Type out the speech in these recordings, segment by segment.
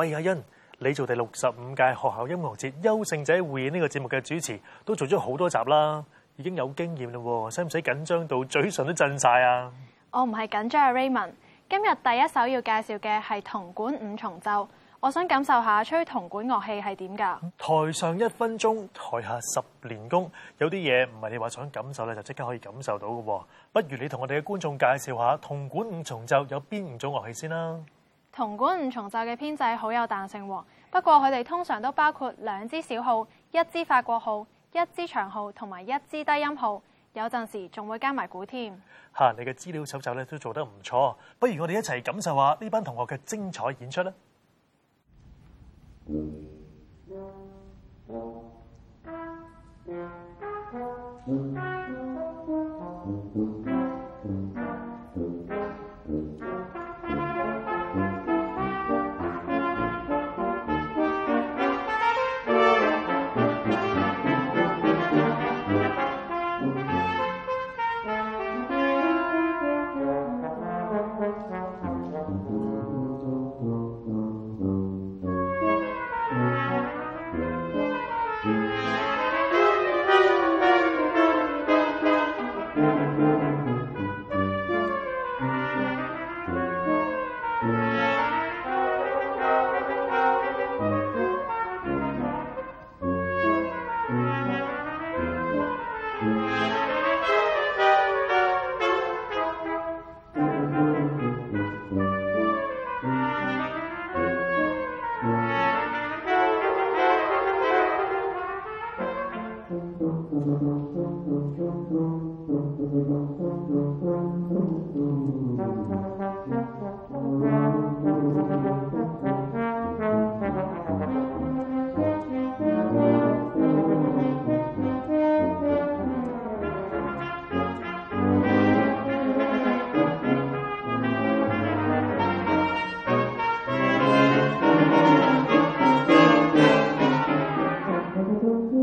喂，阿欣，你做第六十五屆學校音樂節優勝者匯演呢個節目嘅主持，都做咗好多集啦，已經有經驗咯，使唔使緊張到嘴唇都震晒啊？我唔係緊張啊，Raymond。今日第一首要介紹嘅係銅管五重奏，我想感受下吹銅管樂器係點噶。台上一分鐘，台下十年功，有啲嘢唔係你話想感受咧就即刻可以感受到噶。不如你同我哋嘅觀眾介紹下銅管五重奏有邊五種樂器先啦。銅管五重奏嘅編制好有彈性喎，不過佢哋通常都包括兩支小號、一支法國號、一支長號同埋一支低音號，有陣時仲會加埋鼓添。吓、啊，你嘅資料搜集咧都做得唔錯，不如我哋一齊感受下呢班同學嘅精彩演出啦。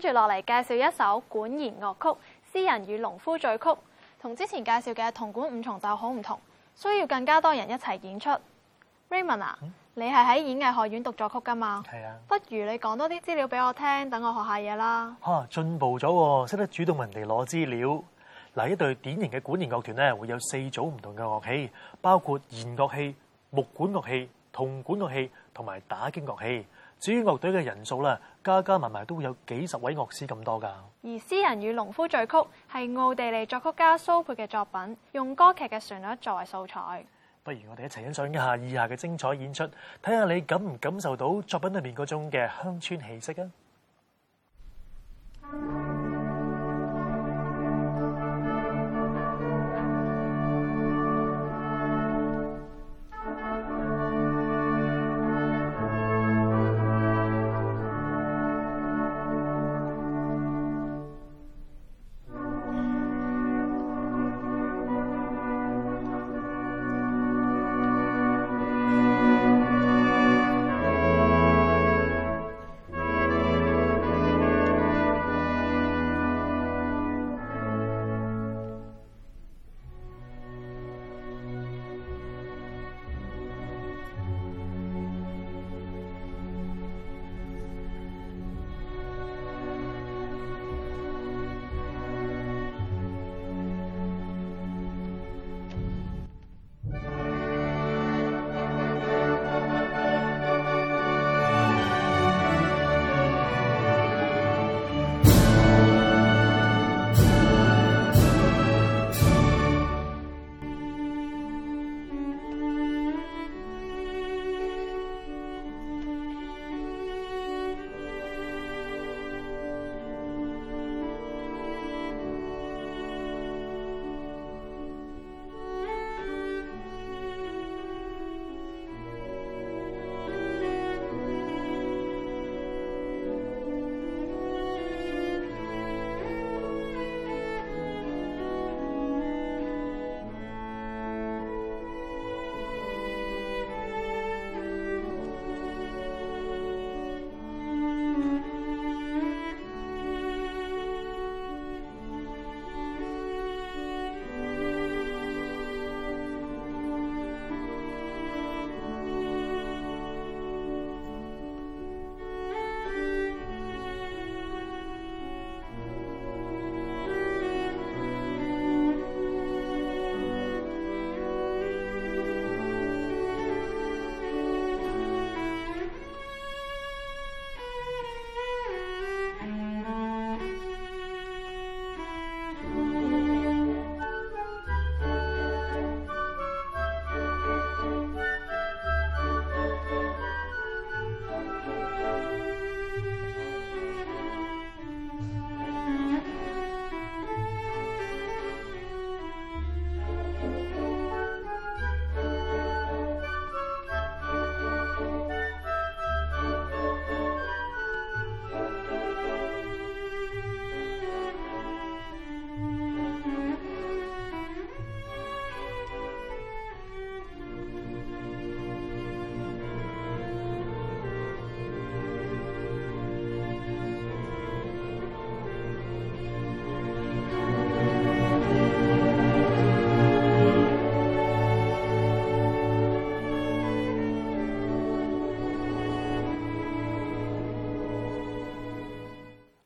跟住落嚟介紹一首管弦樂曲《詩人與農夫序曲》，同之前介紹嘅銅管五重奏好唔同，需要更加多人一齊演出。Raymond 啊，嗯、你係喺演藝學院讀作曲噶嘛？係啊的，不如你講多啲資料俾我聽，等我學下嘢啦。哈、啊，進步咗，識得主動問人哋攞資料。嗱，一對典型嘅管弦樂團咧，會有四組唔同嘅樂器，包括弦樂器、木管樂器、銅管樂器同埋打擊樂器。至於樂隊嘅人數咧，加加埋埋都會有幾十位樂師咁多噶。而《詩人與農夫序曲》係奧地利作曲家蘇佩嘅作品，用歌劇嘅旋律作為素材。不如我哋一齊欣賞一下以下嘅精彩演出，睇下你感唔感受到作品裏面嗰種嘅鄉村氣息啊！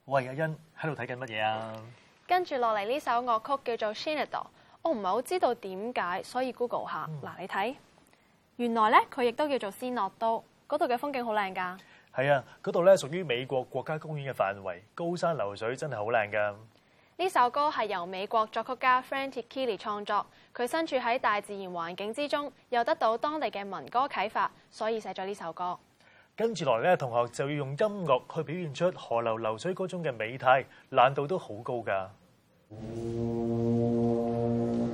我係阿欣，喺度睇緊乜嘢啊？跟住落嚟呢首樂曲叫做 Shenandoah，我唔係好知道點解，所以 Google 下嗱，嗯，你睇，原來咧佢亦都叫做仙諾都，嗰度嘅風景好靚噶。係啊，嗰度咧屬於美國國家公園嘅範圍，高山流水真係好靚噶。呢首歌係由美國作曲家 Frank Ticheli 創作，佢身處喺大自然環境之中，又得到當地嘅民歌啟發，所以寫咗呢首歌。跟住嚟咧，同學就要用音樂去表現出河流流水嗰種嘅美態，難度都好高㗎。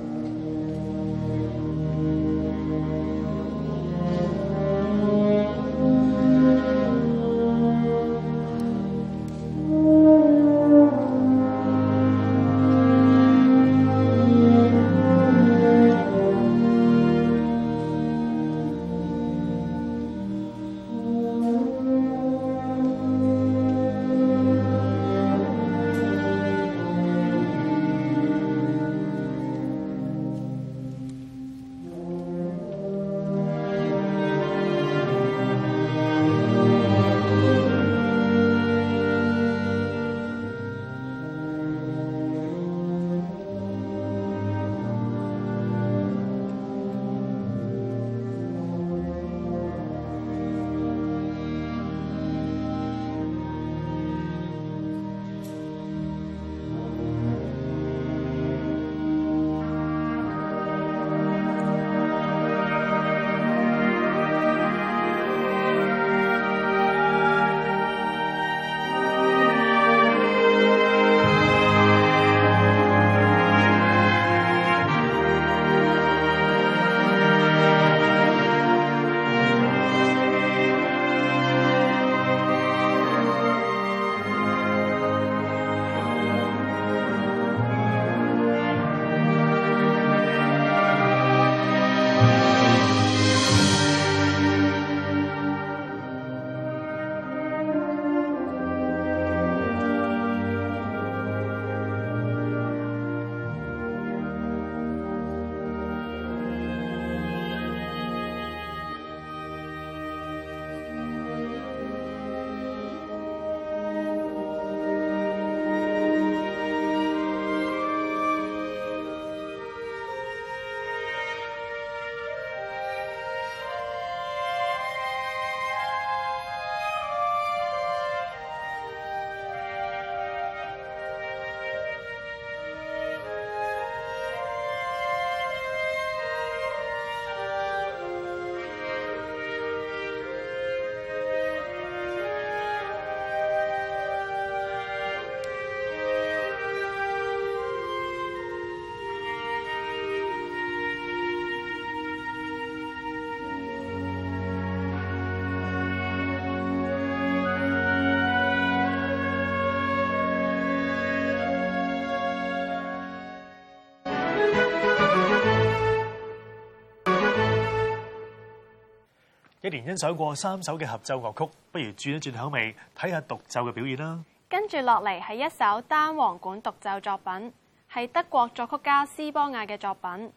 一年欣賞過三首嘅合奏樂曲，不如轉一轉口味，睇下獨奏嘅表演啦。跟住落嚟係一首單簧管獨奏作品，係德國作曲家斯波亞嘅作品。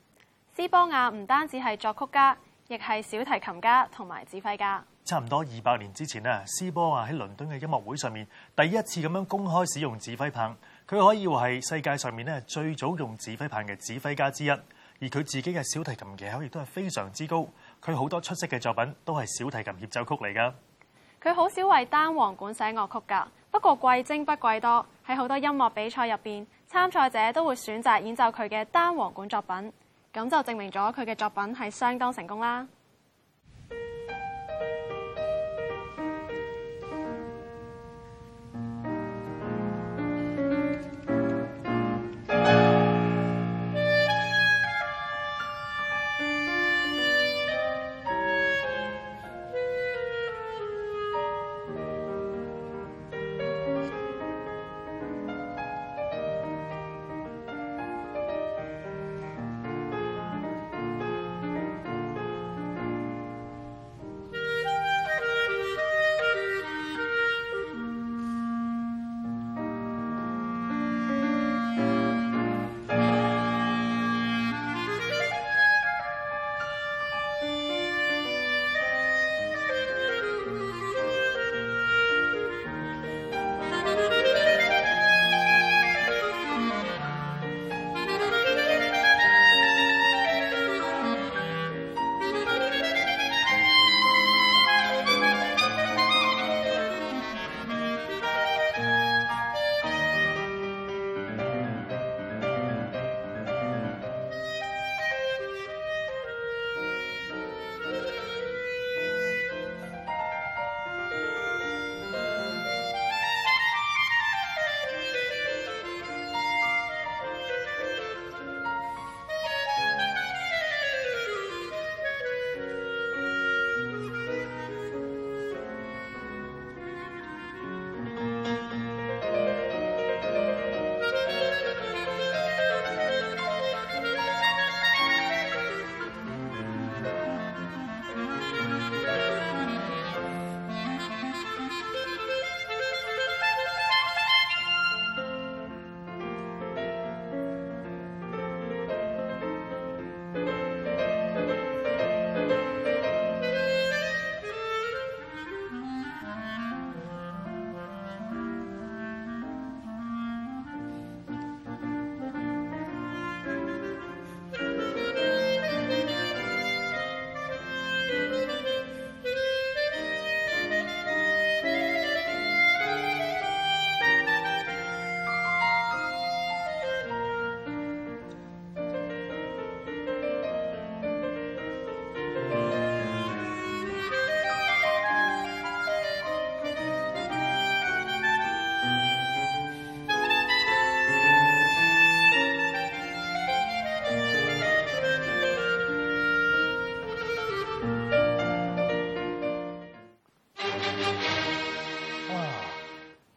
斯波亞唔單止係作曲家，亦係小提琴家同埋指揮家。差唔多二百年之前咧，斯波亞喺倫敦嘅音樂會上面第一次咁樣公開使用指揮棒，佢可以話係世界上面咧最早用指揮棒嘅指揮家之一。而佢自己嘅小提琴技巧亦都係非常之高。佢好多出色嘅作品都係小提琴協奏曲嚟噶，佢好少為單簧管寫樂曲噶。不過貴精不貴多，喺好多音樂比賽入邊，參賽者都會選擇演奏佢嘅單簧管作品，咁就證明咗佢嘅作品係相當成功啦。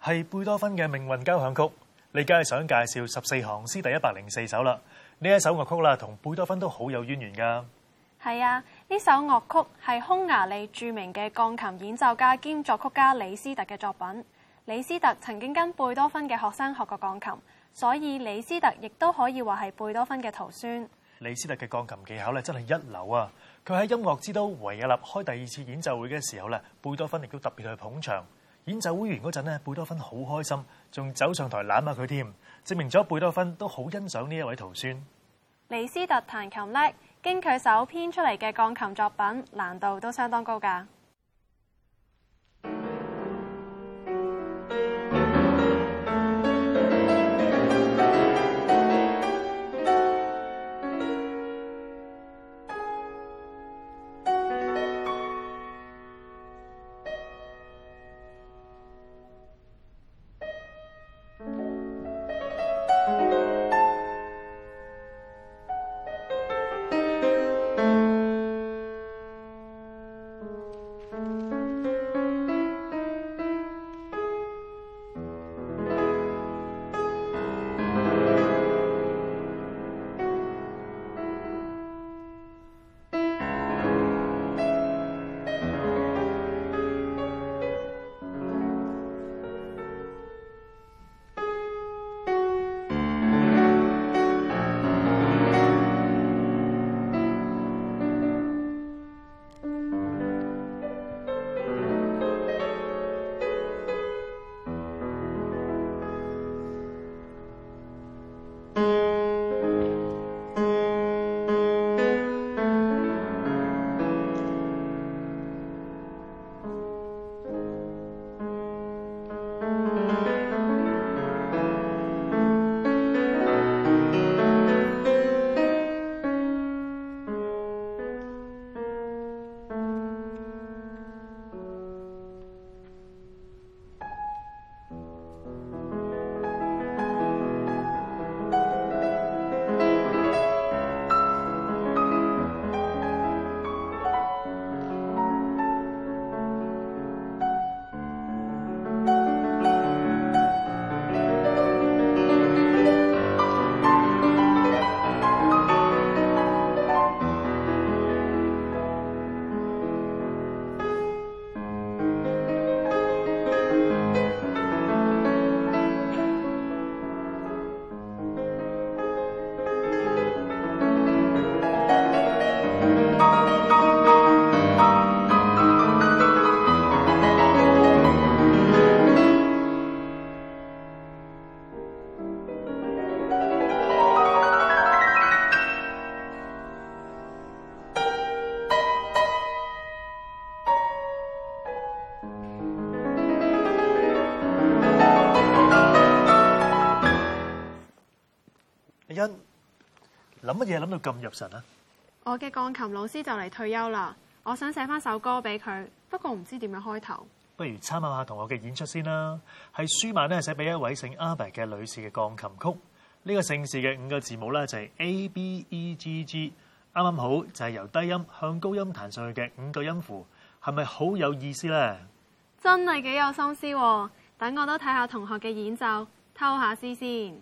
係貝多芬嘅命運交響曲，你梗係想介紹十四行詩第一百零四首啦。呢一首樂曲啦，同貝多芬都好有淵源噶。係啊，呢首樂曲係匈牙利著名嘅鋼琴演奏家兼作曲家李斯特嘅作品。李斯特曾經跟貝多芬嘅學生學過鋼琴，所以李斯特亦都可以話係貝多芬嘅徒孫。李斯特嘅鋼琴技巧咧真係一流啊！佢喺音樂之都維也納開第二次演奏會嘅時候咧，貝多芬亦都特別去捧場。演奏會完嗰陣咧，貝多芬好開心，仲走上台攬下佢添，證明咗貝多芬都好欣賞呢一位徒孫。李斯特彈琴叻，經佢手編出嚟嘅鋼琴作品難度都相當高㗎。想一諗乜嘢諗到咁入神啊？我嘅鋼琴老師就嚟退休啦，我想寫翻首歌俾佢，不過唔知點樣開頭。不如參考下同學嘅演出先啦。係舒曼咧寫俾一位姓 Abegg 嘅女士嘅鋼琴曲。呢、這個姓氏嘅五個字母咧就係 A B E G G，啱啱好就係由低音向高音彈上去嘅五個音符，係咪好有意思咧？真係幾有心思。等我都睇下同學嘅演奏，偷下師先。